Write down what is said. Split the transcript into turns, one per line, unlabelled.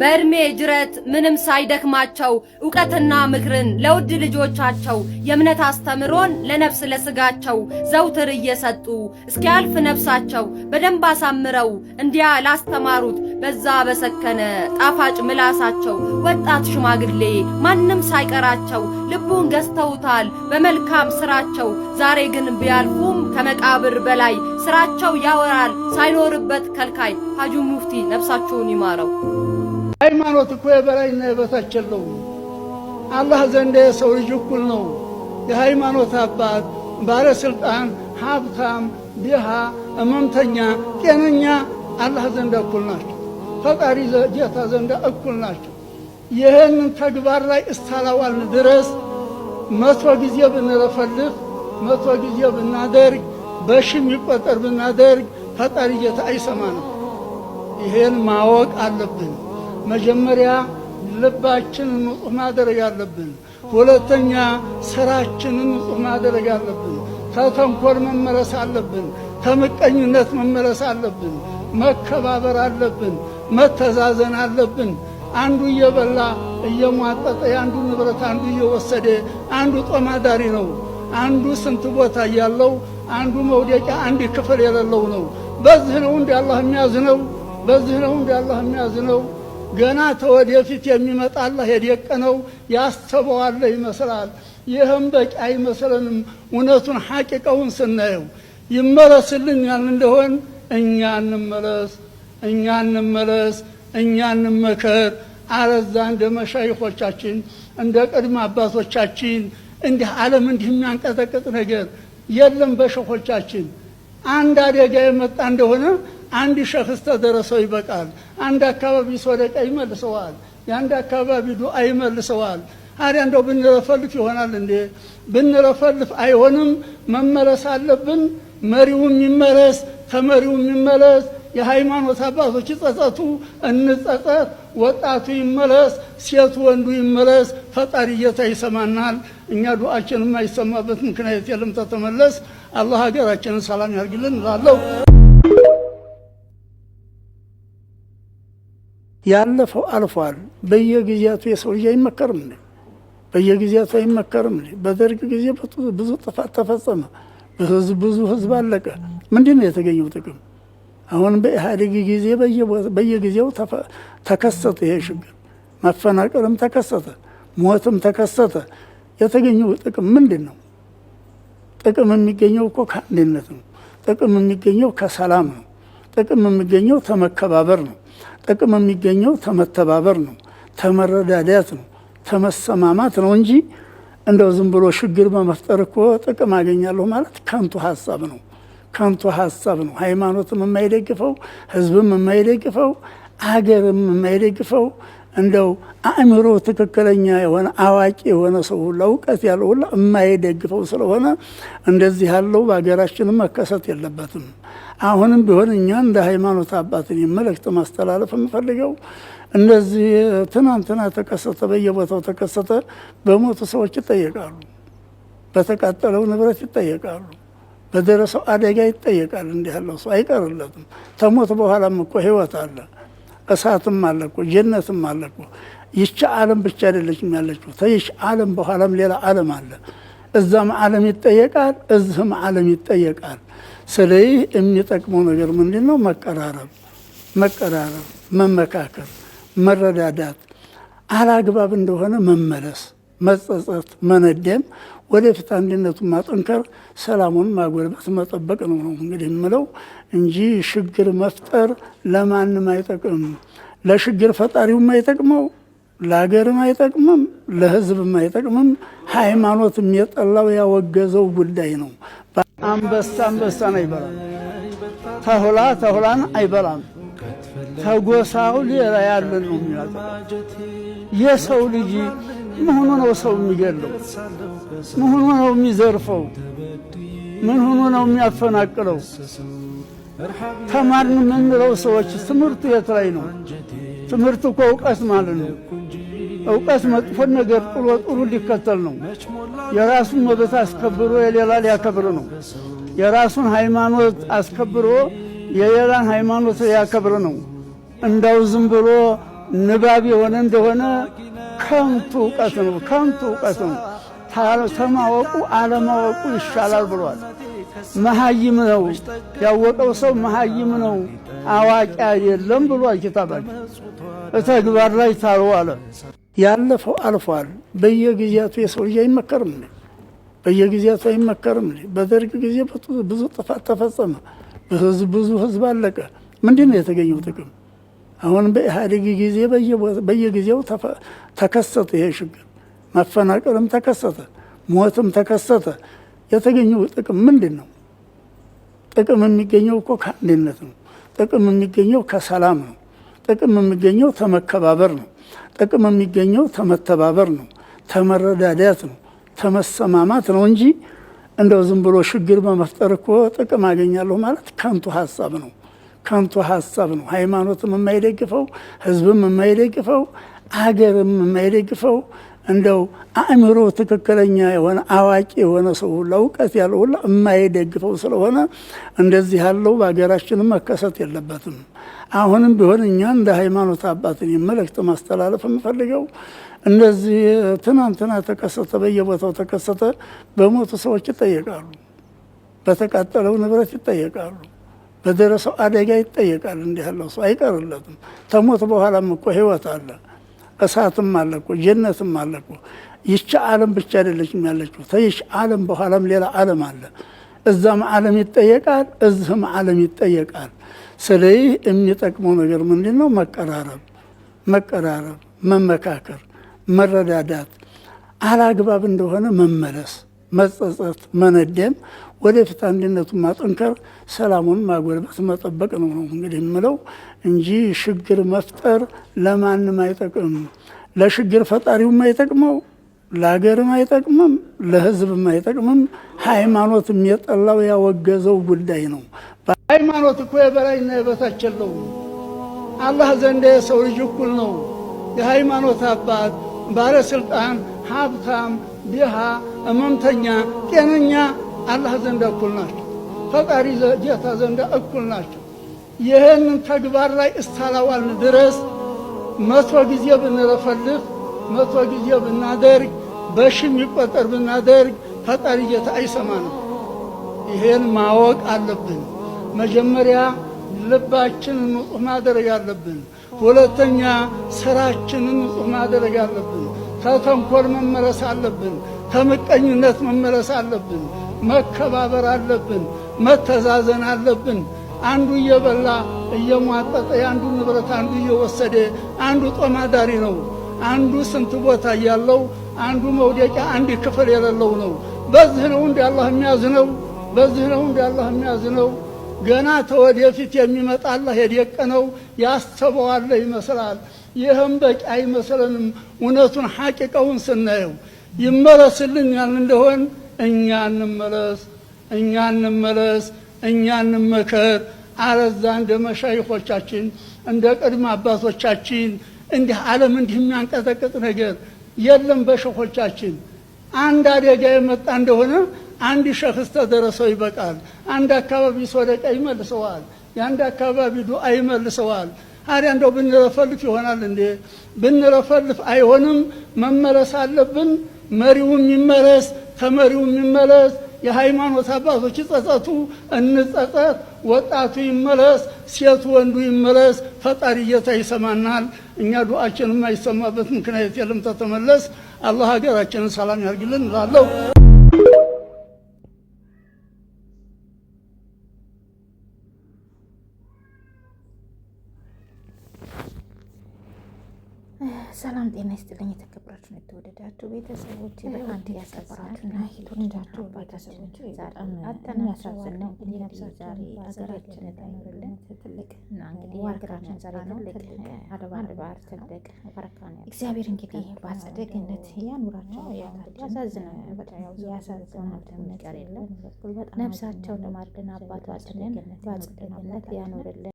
በእድሜ ጅረት ምንም ሳይደክማቸው ዕውቀትና ምክርን ለውድ ልጆቻቸው የእምነት አስተምሮን ለነፍስ ለስጋቸው ዘውትር እየሰጡ እስኪያልፍ ነፍሳቸው በደንብ አሳምረው እንዲያ ላስተማሩት በዛ በሰከነ ጣፋጭ ምላሳቸው ወጣት ሽማግሌ ማንም ሳይቀራቸው ልቡን ገዝተውታል በመልካም ስራቸው። ዛሬ ግን ቢያልፉም ከመቃብር በላይ ስራቸው ያወራል ሳይኖርበት ከልካይ ሐጁ ሙፍቲ ነፍሳቸውን ይማረው።
ሃይማኖት እኮ የበላይና የበታች የለውም። አላህ ዘንድ የሰው ልጅ እኩል ነው። የሃይማኖት አባት፣ ባለሥልጣን፣ ሀብታም፣ ድሃ፣ እመምተኛ፣ ጤነኛ አላህ ዘንዳ እኩል ናቸው። ፈጣሪ ጌታ ዘንዳ እኩል ናቸው። ይህንን ተግባር ላይ እስታላዋል ድረስ መቶ ጊዜ ብንለፈልፍ፣ መቶ ጊዜ ብናደርግ፣ በሺ የሚቆጠር ብናደርግ ፈጣሪ ጌታ አይሰማንም። ይህን ማወቅ አለብን። መጀመሪያ ልባችንን ንጹህ ማድረግ አለብን። ሁለተኛ ስራችንን ንጹህ ማድረግ አለብን። ከተንኮል መመለስ አለብን። ከምቀኝነት መመለስ አለብን። መከባበር አለብን። መተዛዘን አለብን። አንዱ እየበላ እየሟጠጠ የአንዱ ንብረት አንዱ እየወሰደ አንዱ ጦማዳሪ ነው። አንዱ ስንት ቦታ ያለው አንዱ መውደቂያ አንድ ክፍል የሌለው ነው። በዚህ ነው እንዲ አላህ የሚያዝነው። በዚህ ነው እንዲ አላህ የሚያዝነው። ገና ተወደፊት የሚመጣላ የደቀነው ያሰበዋለ ይመስላል። ይህም በቂ አይመስለንም። እውነቱን ሐቂቀውን ስናየው ይመለስልን እንደሆን እኛ እንመለስ፣ እኛ እንመለስ፣ እኛ እንመከር። አለዛ እንደ መሻይኾቻችን እንደ ቅድመ አባቶቻችን እንዲህ ዓለም እንዲህ የሚያንቀጠቅጥ ነገር የለም። በሸኾቻችን አንድ አደጋ የመጣ እንደሆነ አንድ ሸክስ ተደረሰው ይበቃል። አንድ አካባቢ ሶደቃ ይመልሰዋል። የአንድ አካባቢ ዱዓ ይመልሰዋል። አሪያ እንደው ብንረፈልፍ ይሆናል እንዴ? ብንለፈልፍ አይሆንም። መመለስ አለብን። መሪውም ይመለስ፣ ከመሪው ይመለስ። የሃይማኖት አባቶች ጸጸቱ እንጸጸት። ወጣቱ ይመለስ፣ ሴቱ ወንዱ ይመለስ። ፈጣሪ ጌታ ይሰማናል። እኛ ዱዓችን የማይሰማበት ምክንያት የለም። ተተመለስ። አላህ ሀገራችንን ሰላም ያርግልን እላለሁ። ያለፈው አልፏል። በየጊዜያቱ የሰው ልጅ አይመከርም ነ በየጊዜያቱ አይመከርም ነ በደርግ ጊዜ ብዙ ጥፋት ተፈጸመ። ብዙ ህዝብ አለቀ። ምንድን ነው የተገኘው ጥቅም? አሁን በኢህአዴግ ጊዜ በየጊዜው ተከሰተ ይሄ ችግር፣ መፈናቀልም ተከሰተ፣ ሞትም ተከሰተ። የተገኘው ጥቅም ምንድን ነው? ጥቅም የሚገኘው እኮ ከአንድነት ነው። ጥቅም የሚገኘው ከሰላም ነው። ጥቅም የሚገኘው ተመከባበር ነው። ጥቅም የሚገኘው ተመተባበር ነው፣ ተመረዳዳት ነው፣ ተመሰማማት ነው እንጂ እንደው ዝም ብሎ ሽግር በመፍጠር እኮ ጥቅም አገኛለሁ ማለት ከንቱ ሀሳብ ነው። ከንቱ ሀሳብ ነው። ሃይማኖትም የማይደግፈው ህዝብም የማይደግፈው አገርም የማይደግፈው እንደው አእምሮ ትክክለኛ የሆነ አዋቂ የሆነ ሰው ሁላ እውቀት ያለ ሁላ የማይደግፈው ስለሆነ እንደዚህ ያለው በሀገራችን መከሰት የለበትም። አሁንም ቢሆን እኛ እንደ ሃይማኖት አባትን መልእክት ማስተላለፍ የምፈልገው እንደዚህ ትናንትና ተከሰተ፣ በየቦታው ተከሰተ። በሞቱ ሰዎች ይጠየቃሉ፣ በተቃጠለው ንብረት ይጠየቃሉ፣ በደረሰው አደጋ ይጠየቃል። እንዲህ ያለው ሰው አይቀርለትም። ተሞት በኋላም እኮ ህይወት አለ። እሳትም አለ እኮ ጀነትም አለ እኮ። ይቺ ዓለም ብቻ አይደለችም ያለችው። ተይሽ ዓለም በኋላም ሌላ ዓለም አለ። እዛም ዓለም ይጠየቃል፣ እዚህም ዓለም ይጠየቃል። ስለዚህ የሚጠቅመው ነገር ምንድን ነው? መቀራረብ፣ መቀራረብ፣ መመካከር፣ መረዳዳት፣ አላግባብ እንደሆነ መመለስ፣ መጸጸት፣ መነደም፣ ወደፊት አንድነቱን ማጠንከር፣ ሰላሙን ማጎልበት፣ መጠበቅ ነው ነው እንግዲህ የምለው። እንጂ ችግር መፍጠር ለማንም አይጠቅም። ለችግር ፈጣሪውም አይጠቅመው፣ ለሀገርም አይጠቅምም፣ ለህዝብም አይጠቅምም። ሃይማኖትም የጠላው ያወገዘው ጉዳይ ነው። አንበሳ አንበሳን አይበላም፣ ተሁላ ተሁላን አይበላም። ተጎሳው ሌላ ያለን ነው የሚያጠቃው። የሰው ልጅ መሆኑ ነው ሰው የሚገለው መሆኑ ነው የሚዘርፈው ምን ሆኖ ነው የሚያፈናቅለው? ተማርን የምንለው ሰዎች ትምህርቱ የት ላይ ነው? ትምህርቱ እኮ እውቀት ማለት ነው። እውቀት መጥፎን ነገር ጥሎ ጥሩ ሊከተል ነው። የራሱን መብት አስከብሮ የሌላ ሊያከብር ነው። የራሱን ሃይማኖት አስከብሮ የሌላን ሃይማኖት ሊያከብር ነው። እንዳው ዝም ብሎ ንባብ የሆነ እንደሆነ ከንቱ እውቀት ነው። ከንቱ እውቀት ነው። ተማወቁ አለማወቁ ይሻላል ብሏል። መሀይም ነው። ያወቀው ሰው መሀይም ነው፣ አዋቂ አይደለም ብሏል ኪታባችን። በተግባር ላይ ታዋለ። ያለፈው አልፏል። በየጊዜያቱ የሰው ልጅ አይመከርም፣ በየጊዜያቱ አይመከርም። በደርግ ጊዜ ብዙ ጥፋት ተፈጸመ፣ ብዙ ህዝብ አለቀ። ምንድን ነው የተገኘው ጥቅም? አሁን በኢህአዴግ ጊዜ በየጊዜው ተከሰተ ይሄ ችግር። መፈናቀልም ተከሰተ፣ ሞትም ተከሰተ። የተገኘው ጥቅም ምንድን ነው? ጥቅም የሚገኘው እኮ ከአንድነት ነው። ጥቅም የሚገኘው ከሰላም ነው። ጥቅም የሚገኘው ተመከባበር ነው። ጥቅም የሚገኘው ተመተባበር ነው፣ ተመረዳዳት ነው፣ ተመሰማማት ነው እንጂ እንደው ዝም ብሎ ችግር በመፍጠር እኮ ጥቅም አገኛለሁ ማለት ከንቱ ሀሳብ ነው። ከንቱ ሀሳብ ነው። ሃይማኖትም የማይደግፈው ህዝብም የማይደግፈው አገርም የማይደግፈው እንደው አእምሮ ትክክለኛ የሆነ አዋቂ የሆነ ሰው ሁላ እውቀት ያለው ሁላ የማይደግፈው ስለሆነ እንደዚህ ያለው በሀገራችን መከሰት የለበትም። አሁንም ቢሆን እኛ እንደ ሃይማኖት አባትን መልእክት ማስተላለፍ የምፈልገው እንደዚህ ትናንትና ተከሰተ፣ በየቦታው ተከሰተ። በሞቱ ሰዎች ይጠየቃሉ፣ በተቃጠለው ንብረት ይጠየቃሉ፣ በደረሰው አደጋ ይጠየቃል። እንዲህ ያለው ሰው አይቀርለትም። ተሞት በኋላም እኮ ህይወት አለ። እሳትም አለ እኮ ጀነትም አለ እኮ። ይቺ ዓለም ብቻ አይደለችም ያለችው። ተይች ዓለም በኋላም ሌላ ዓለም አለ። እዛም ዓለም ይጠየቃል፣ እዚህም ዓለም ይጠየቃል። ስለዚህ የሚጠቅመው ነገር ምንድን ነው? መቀራረብ፣ መቀራረብ፣ መመካከር፣ መረዳዳት፣ አላግባብ እንደሆነ መመለስ፣ መጸጸት፣ መነደም ወደፊት አንድነቱን ማጠንከር፣ ሰላሙን ማጎልበት፣ መጠበቅ ነው ነው እንግዲህ የምለው እንጂ ሽግር መፍጠር ለማንም አይጠቅም። ለሽግር ፈጣሪውም አይጠቅመው፣ ለሀገርም አይጠቅምም፣ ለህዝብ አይጠቅምም። ሃይማኖት የጠላው ያወገዘው ጉዳይ ነው። ሃይማኖት እኮ የበላይና የበታች የለውም። አላህ ዘንድ የሰው ልጅ እኩል ነው። የሃይማኖት አባት፣ ባለስልጣን፣ ሀብታም፣ ድሃ፣ እመምተኛ፣ ጤነኛ አላህ ዘንዳ እኩል ናቸው። ፈጣሪ ጌታ ዘንዳ እኩል ናቸው። ይህንን ተግባር ላይ እስካላዋልን ድረስ መቶ ጊዜ ብንለፈልፍ፣ መቶ ጊዜ ብናደርግ፣ በሺ የሚቆጠር ብናደርግ ፈጣሪ ጌታ አይሰማ ነው። ይሄን ማወቅ አለብን። መጀመሪያ ልባችንን ንጹህ ማድረግ አለብን። ሁለተኛ ስራችንን ንጹህ ማድረግ አለብን። ከተንኮል መመለስ አለብን። ከምቀኝነት መመለስ አለብን። መከባበር አለብን፣ መተዛዘን አለብን። አንዱ እየበላ እየሟጠጠ የአንዱ ንብረት አንዱ እየወሰደ አንዱ ጦማዳሪ ነው። አንዱ ስንት ቦታ ያለው አንዱ መውደቂያ አንድ ክፍል የሌለው ነው። በዚህ ነው እንደ አላህ የሚያዝነው። በዚህ ነው እንደ አላህ የሚያዝነው። ገና ተወደፊት የሚመጣ አላህ የደቀነው ያስተበዋለ ይመስላል። ይህም በቂ አይመስለንም። እውነቱን ሐቂቀውን ስናየው ይመለስልን ያልን እንደሆን እኛ እንመለስ፣ እኛ እንመለስ፣ እኛ እንመከር። አለዛ እንደ መሻይኮቻችን እንደ ቅድመ አባቶቻችን እንዲህ ዓለም እንዲህ የሚያንቀጠቅጥ ነገር የለም። በሸኾቻችን አንድ አደጋ የመጣ እንደሆነ አንድ ሸክስ ተደረሰው ይበቃል። አንድ አካባቢ ሶደቃ ይመልሰዋል። የአንድ አካባቢ ዱዓ ይመልሰዋል። አሪያ እንደው ብንለፈልፍ ይሆናል እንዴ? ብንረፈልፍ አይሆንም። መመለስ አለብን። መሪውም ይመለስ። ተመሪው የሚመለስ፣ የሃይማኖት አባቶች ይጸጸቱ፣ እንጸጸት፣ ወጣቱ ይመለስ፣ ሴቱ ወንዱ ይመለስ። ፈጣሪ ጌታ ይሰማናል። እኛ ዱአችን የማይሰማበት ምክንያት የለም። ተተመለስ። አላህ ሀገራችንን ሰላም ያርግልን እላለሁ። ሰላም ጤና ይስጥልኝ። የተከበራችሁ የተወደዳችሁ ቤተሰቦች በአንድ ያሰበራችሁና ሂቶቻችሁ ቤተሰቦች አጠናያሳዝነው ዛሬ ሀገራችን ታይለን ትልቅ ዋልግራችን ዛሬ ትልቅ አድባር ትልቅ ነው። እግዚአብሔር እንግዲህ በአጸደ ያኑራቸው። ያሳዝናል፣ ያሳዝናል። ነገር የለም ያኑርልን።